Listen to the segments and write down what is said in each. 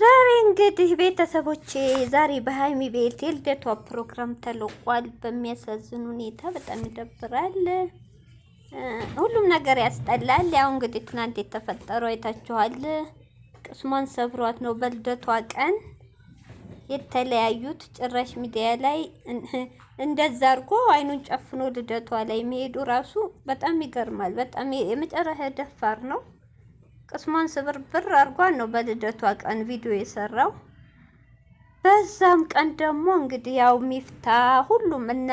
ዛሬ እንግዲህ ቤተሰቦቼ ዛሬ በሀይሚ ቤት የልደቷ ፕሮግራም ተለቋል። በሚያሳዝን ሁኔታ በጣም ይደብራል። ሁሉም ነገር ያስጠላል። ያው እንግዲህ ትናንት የተፈጠረው አይታችኋል። ቅስሟን ሰብሯት ነው በልደቷ ቀን የተለያዩት። ጭራሽ ሚዲያ ላይ እንደዛ አድርጎ አይኑን ጨፍኖ ልደቷ ላይ መሄዱ ራሱ በጣም ይገርማል። በጣም የመጨረሻ ደፋር ነው። ቅስሟን ስብር ብር አድርጓን ነው በልደቷ ቀን ቪዲዮ የሰራው። በዛም ቀን ደግሞ እንግዲህ ያው ሚፍታ ሁሉም እነ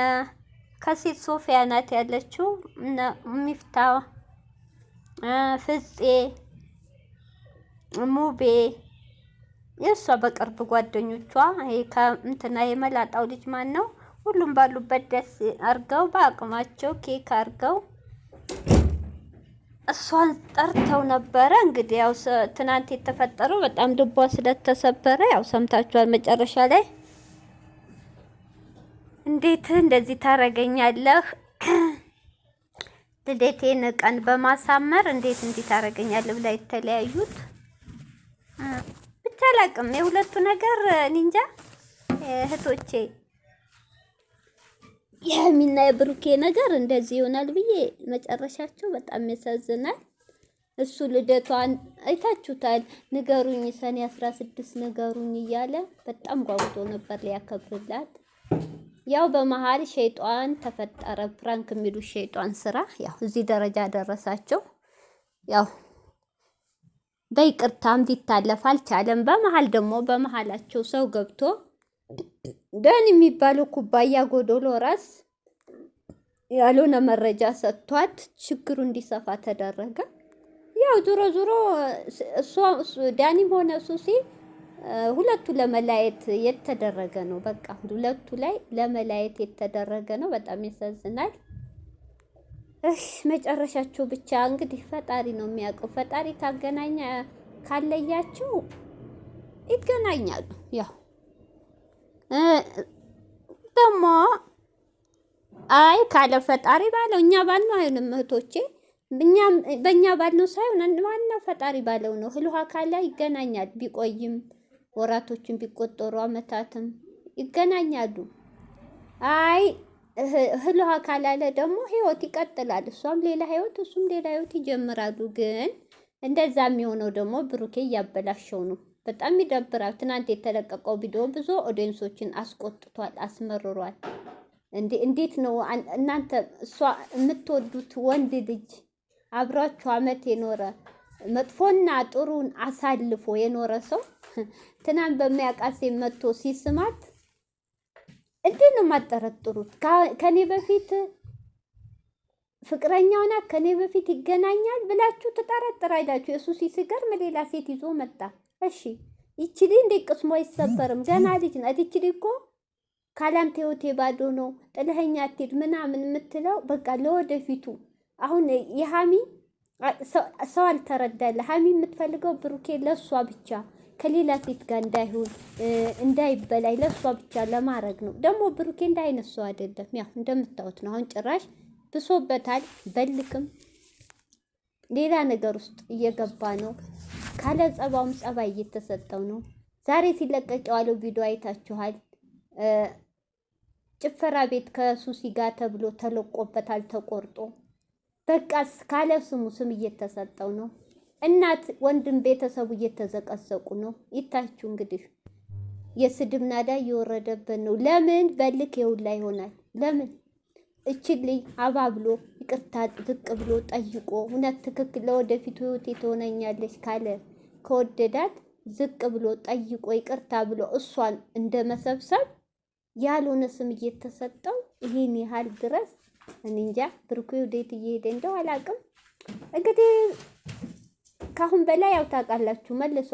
ከሴት ሶፊያ ናት ያለችው እነ ሚፍታ ፍፄ ሙቤ የእሷ በቅርብ ጓደኞቿ ከእንትና የመላጣው ልጅ ማን ነው? ሁሉም ባሉበት ደስ አርገው በአቅማቸው ኬክ አርገው እሷን ጠርተው ነበረ። እንግዲህ ያው ትናንት የተፈጠረው በጣም ልቧ ስለተሰበረ ያው ሰምታችኋል። መጨረሻ ላይ እንዴት እንደዚህ ታረገኛለህ ልደቴን ቀን በማሳመር እንዴት እንዲህ ታረገኛለህ ብላ የተለያዩት ብቻ አላቅም። የሁለቱ ነገር ኒንጃ እህቶቼ የሚና የብሩኬ ነገር እንደዚህ ይሆናል ብዬ መጨረሻቸው በጣም ያሳዝናል። እሱ ልደቷን አይታችሁታል። ንገሩኝ ሰኔ አስራ ስድስት ንገሩኝ እያለ በጣም ጓጉቶ ነበር ሊያከብርላት። ያው በመሀል ሸይጧን ተፈጠረ። ፕራንክ የሚሉ ሸይጧን ስራ ያው እዚህ ደረጃ ደረሳቸው። ያው በይቅርታም ሊታለፍ አልቻለም። በመሀል ደግሞ በመሀላቸው ሰው ገብቶ ደን የሚባለው ኩባያ ጎዶሎ ራስ ያልሆነ መረጃ ሰጥቷት ችግሩ እንዲሰፋ ተደረገ። ያው ዞሮ ዞሮ ዳኒም ሆነ ሱሲ ሁለቱ ለመላየት የተደረገ ነው። በቃ ሁለቱ ላይ ለመላየት የተደረገ ነው። በጣም ያሳዝናል። እሺ መጨረሻቸው ብቻ እንግዲህ ፈጣሪ ነው የሚያውቀው። ፈጣሪ ካገናኛ ካለያቸው ይገናኛሉ ያው ደግሞ አይ ካለ ፈጣሪ ባለው እኛ ባልነው አይሆንም እህቶቼ። በእኛ ባልነው ሳይሆን ዋናው ፈጣሪ ባለው ነው። ህልሃ ካለ ይገናኛል። ቢቆይም ወራቶችን ቢቆጠሩ አመታትም ይገናኛሉ። አይ ህልሃ ካላለ ደግሞ ህይወት ይቀጥላል። እሷም ሌላ ህይወት፣ እሱም ሌላ ህይወት ይጀምራሉ። ግን እንደዛ የሚሆነው ደግሞ ብሩኬ እያበላሸው ነው። በጣም ይደብራል። ትናንት የተለቀቀው ቪዲዮ ብዙ ኦዲየንሶችን አስቆጥቷል፣ አስመርሯል። እንዴ እንዴት ነው እናንተ እሷ የምትወዱት ወንድ ልጅ አብራችሁ አመት የኖረ መጥፎና ጥሩን አሳልፎ የኖረ ሰው ትናንት በሚያቃሴ መጥቶ ሲስማት እንዴት ነው የማጠረጥሩት? ከኔ በፊት ፍቅረኛውና ከኔ በፊት ይገናኛል ብላችሁ ትጠረጥራላችሁ። የሱ ሲገርም ሌላ ሴት ይዞ መጣ። እሺ ይቺ ልጅ እንዴት አይሰበርም? ገና ልጅ ናት። ይቺ ልጅ እኮ ካላም ቴዎቴ ባዶ ነው ጥለኸኛ አትሄድ ምናምን የምትለው በቃ ለወደፊቱ አሁን የሃሚ ሰው አልተረዳለ። ሃሚ የምትፈልገው ብሩኬ ለሷ ብቻ ከሌላ ሴት ጋር እንዳይሆን እንዳይበላይ ለሷ ብቻ ለማድረግ ነው። ደግሞ ብሩኬ እንዳይነሱ አይደለም፣ ያው እንደምታዩት ነው። አሁን ጭራሽ ብሶበታል በልክም ሌላ ነገር ውስጥ እየገባ ነው። ካለ ጸባውም ጸባይ እየተሰጠው ነው። ዛሬ ሲለቀቅ የዋለው ቪዲዮ አይታችኋል። ጭፈራ ቤት ከሱሲ ጋር ተብሎ ተለቆበታል ተቆርጦ። በቃ ካለ ስሙ ስም እየተሰጠው ነው። እናት ወንድም፣ ቤተሰቡ እየተዘቀዘቁ ነው። ይታችሁ እንግዲህ የስድብ ናዳ እየወረደበት ነው። ለምን በልክ የውላ ይሆናል። ለምን እችልኝ አባብሎ ይቅርታ ዝቅ ብሎ ጠይቆ እውነት ትክክል ለወደፊቱ ህይወቴ ትሆነኛለች ካለ ከወደዳት ዝቅ ብሎ ጠይቆ ይቅርታ ብሎ እሷን እንደ መሰብሰብ ያልሆነ ስም እየተሰጠው ይህን ያህል ድረስ እንጃ ብርኩ ወዴት እየሄደ እንደው አላውቅም። እንግዲህ ከአሁን በላይ ያው ታውቃላችሁ፣ መልሶ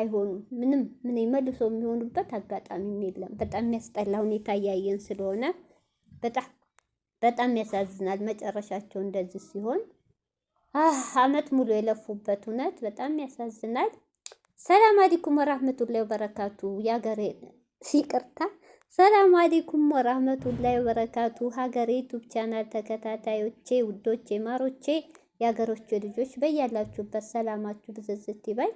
አይሆኑም ምንም ምን መልሶ የሚሆኑበት አጋጣሚም የለም። በጣም የሚያስጠላ ሁኔታ እያየን ስለሆነ በጣም በጣም ያሳዝናል መጨረሻቸው እንደዚህ ሲሆን፣ አመት ሙሉ የለፉበት እውነት በጣም ያሳዝናል። ሰላም አለይኩም ወራህመቱላሂ ወበረካቱ። ያገሬ ይቅርታ። ሰላም አለይኩም ወራህመቱላሂ ወበረካቱ። ሀገሬ ዩቲዩብ ቻናል ተከታታዮቼ፣ ውዶቼ፣ ማሮቼ፣ የሀገሮቼ ልጆች በያላችሁበት ሰላማችሁ ብዝዝት ይበል።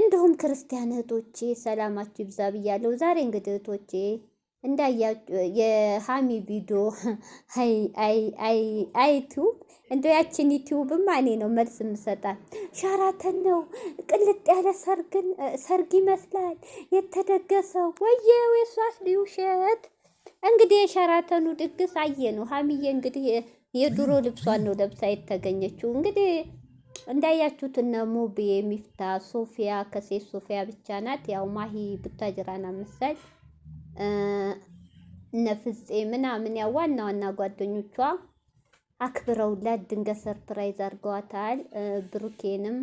እንዲሁም ክርስቲያን እህቶቼ ሰላማችሁ ይብዛ ብያለሁ። ዛሬ እንግዲህ እህቶቼ እንዳያ የሃሚ ቪዲዮ አይ እንደ ያችን ዩቲዩብማ እኔ ነው መልስ የምሰጣት። ሻራተን ነው ቅልጥ ያለ ሰርግ ይመስላል የተደገሰው። ወየ ወሷስ ሊውሸት እንግዲህ የሸራተኑ ድግስ አየ ነው። ሃሚዬ እንግዲህ የድሮ ልብሷን ነው ለብሳ የተገኘችው። እንግዲህ እንዳያችሁት እነ ሙቤ፣ ሚፍታ፣ ሶፊያ ከሴት ሶፊያ ብቻ ናት። ያው ማሂ ቡታጅራና መሰል ነፍጼ ምናምን ያው ዋና ዋና ጓደኞቿ አክብረውላት ድንገት ሰርፕራይዝ አድርገዋታል። ብሩኬንም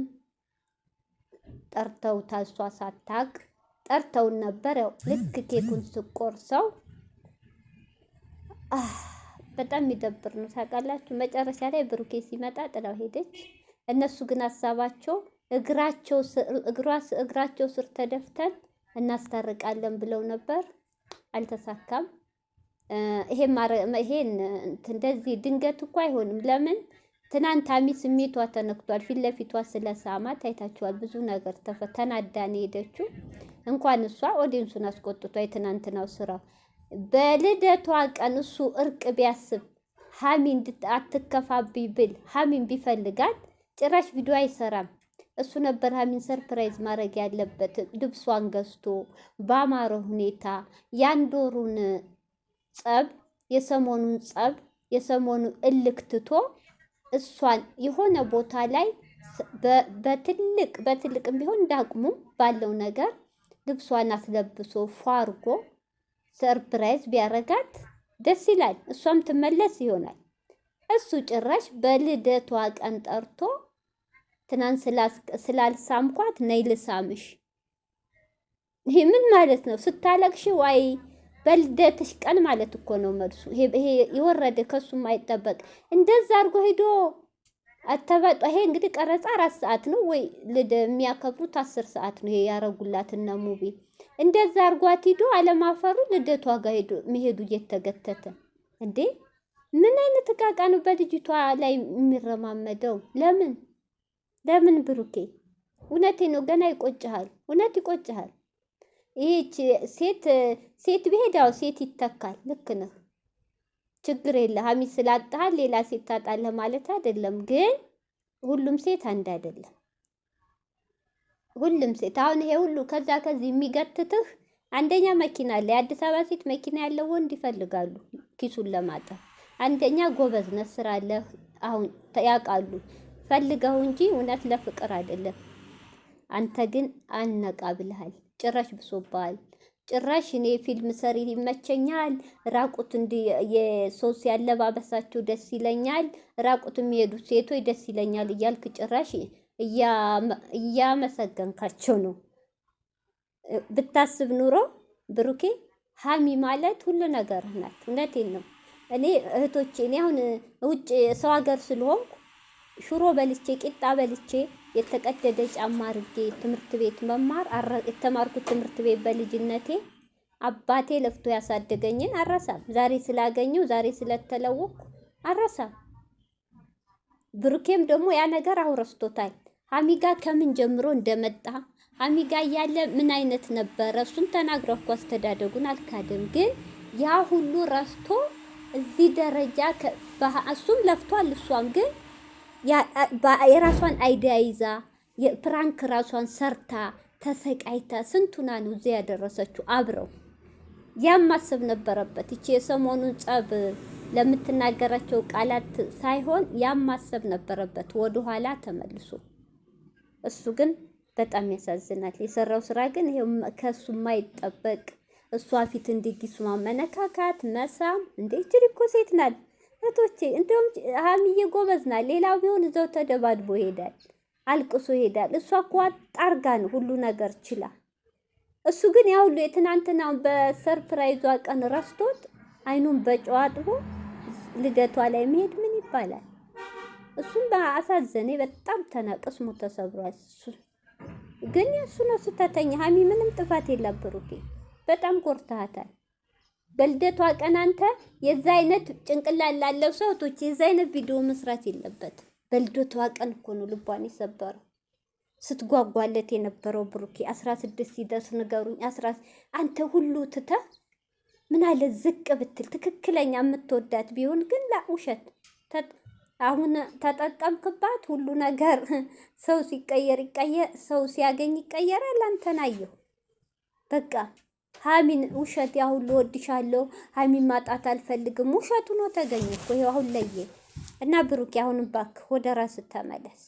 ጠርተው ታሷ ሳታቅ ጠርተውን ነበር። ያው ልክ ኬኩን ስቆርሰው በጣም የሚደብር ነው ታውቃላችሁ። መጨረሻ ላይ ብሩኬ ሲመጣ ጥላው ሄደች። እነሱ ግን ሀሳባቸው እግራቸው ስር ተደፍተን እናስታርቃለን ብለው ነበር። አልተሳካም። ይሄን እንደዚህ ድንገት እኮ አይሆንም። ለምን ትናንት አሚ ስሜቷ ተነክቷል። ፊት ለፊቷ ሳማ ታይታችኋል። ብዙ ነገር ተናዳን ሄደችው። እንኳን እሷ ኦዲንሱን አስቆጥቷ የትናንትናው ስራው በልደቷ ቀን እሱ እርቅ ቢያስብ ሀሚ አትከፋብኝ ብል ሀሚን ቢፈልጋት ጭራሽ ቪዲዮ አይሰራም። እሱ ነበር ሀሚን ሰርፕራይዝ ማድረግ ያለበት። ልብሷን ገዝቶ ባማረ ሁኔታ ያንዶሩን ጸብ፣ የሰሞኑን ጸብ፣ የሰሞኑ እልክ ትቶ እሷን የሆነ ቦታ ላይ በትልቅ በትልቅም ቢሆን እንዳቅሙ ባለው ነገር ልብሷን አስለብሶ ፏርጎ ሰርፕራይዝ ቢያረጋት ደስ ይላል። እሷም ትመለስ ይሆናል። እሱ ጭራሽ በልደቷ ቀን ጠርቶ ትናንት ስላልሳምኳት ነይ ልሳምሽ። ይሄ ምን ማለት ነው? ስታለቅሽ ዋይ በልደትሽ ቀን ማለት እኮ ነው መልሱ። ይሄ የወረደ ከሱ አይጠበቅ። እንደዛ አድርጎ ሄዶ አተበጣ። ይሄ እንግዲህ ቀረጻ አራት ሰዓት ነው ወይ ልደ የሚያከብሩት አስር ሰዓት ነው ይሄ ያረጉላት እና ሙቢ እንደዛ አድርጓት ሂዶ አለማፈሩ ልደቷ ጋር ሄዶ መሄዱ እየተገተተ እንዴ! ምን አይነት እቃቃ ነው በልጅቷ ላይ የሚረማመደው ለምን? ለምን ብሩኬ እውነቴ ነው። ገና ይቆጭሃል፣ እውነት ይቆጭሃል። ይህች ሴት ሴት ብሄድ ያው ሴት ይተካል። ልክ ነህ። ችግር የለ ሀሚ ስላጣሃል ሌላ ሴት ታጣለህ ማለት አይደለም። ግን ሁሉም ሴት አንድ አይደለም። ሁሉም ሴት አሁን ይሄ ሁሉ ከዛ ከዚህ የሚገትትህ አንደኛ መኪና አለ። የአዲስ አበባ ሴት መኪና ያለው ወንድ ይፈልጋሉ ኪሱን ለማጠር። አንደኛ ጎበዝ ነህ፣ ስራ አለህ። አሁን ያውቃሉ ፈልገው እንጂ እውነት ለፍቅር አይደለም። አንተ ግን አነቃ ብልሃል። ጭራሽ ብሶብሃል። ጭራሽ እኔ ፊልም ሰሪ ይመቸኛል፣ ራቁት እንዲ የሶስ ያለባበሳቸው ደስ ይለኛል፣ ራቁት የሚሄዱ ሴቶች ደስ ይለኛል እያልክ ጭራሽ እያመሰገንካቸው ነው። ብታስብ ኑሮ ብሩኬ ሀሚ ማለት ሁሉ ነገር ናት። እውነቴን ነው። እኔ እህቶቼ እኔ አሁን ውጭ ሰው ሀገር ስለሆንኩ ሽሮ በልቼ ቂጣ በልቼ የተቀደደ ጫማ አድርጌ ትምህርት ቤት መማር የተማርኩት ትምህርት ቤት በልጅነቴ አባቴ ለፍቶ ያሳደገኝን አረሳም። ዛሬ ስላገኘው ዛሬ ስለተለወኩ አረሳም። ብሩኬም ደግሞ ያ ነገር አውረስቶታል። አሚጋ ከምን ጀምሮ እንደመጣ አሚጋ እያለ ምን አይነት ነበረ እሱም ተናግሮ እኮ አስተዳደጉን አልካደም። ግን ያ ሁሉ ረስቶ እዚህ ደረጃ እሱም ለፍቷል እሷም ግን የራሷን አይዲያ ይዛ የፕራንክ ራሷን ሰርታ ተሰቃይታ ስንቱና ነው እዚያ ያደረሰችው። አብረው ያም ማሰብ ነበረበት። ይቺ የሰሞኑን ጸብ ለምትናገራቸው ቃላት ሳይሆን ያም ማሰብ ነበረበት፣ ወደኋላ ተመልሶ። እሱ ግን በጣም ያሳዝናል። የሰራው ስራ ግን ከእሱ የማይጠበቅ እሷ ፊት እንዲጊሱ ማመነካካት መሳም። እንዴ ችሪኮ ሴት ናት። እህቶቼ እንደውም ሀሚዬ ጎበዝ ናት። ሌላው ቢሆን እዛው ተደባድቦ ይሄዳል፣ አልቅሶ ይሄዳል። እሷ እኮ ጣርጋ ነው ሁሉ ነገር ችላ። እሱ ግን ያ ሁሉ የትናንትናውን በሰርፕራይዟ ቀን ረስቶት አይኑን በጨው አጥቦ ልደቷ ላይ መሄድ ምን ይባላል? እሱም በአሳዘኔ በጣም ተናቅስሙ ተሰብሯል። እሱ ግን እሱ ነው ስህተተኛ። ሀሚ ምንም ጥፋት የለም። ብሩኬ በጣም ኮርተሃታል። በልደቷ ቀን አንተ የዛ አይነት ጭንቅላ ላለው ሰው እህቶች የዛ አይነት ቪዲዮ መስራት የለበት። በልደቷ ቀን እኮ ነው ልቧን የሰበረው። ስትጓጓለት የነበረው ብሩኬ አስራ ስድስት ሲደርስ ንገሩኝ። አስራ አንተ ሁሉ ትተ ምን አለ ዝቅ ብትል ትክክለኛ የምትወዳት ቢሆን ግን ላ ውሸት አሁን ተጠቀምክባት። ሁሉ ነገር ሰው ሲቀየር ይቀየር፣ ሰው ሲያገኝ ይቀየራል። አንተን አየሁ በቃ ሀሚን ውሸት ያሁን ሁሉ ሀሚን ማጣት አልፈልግም። ውሸቱ ነው ተገኘ እኮ ይኸው አሁን ለየ እና ብሩኬ፣ አሁንም እባክህ ወደ ራስህ ተመለስ።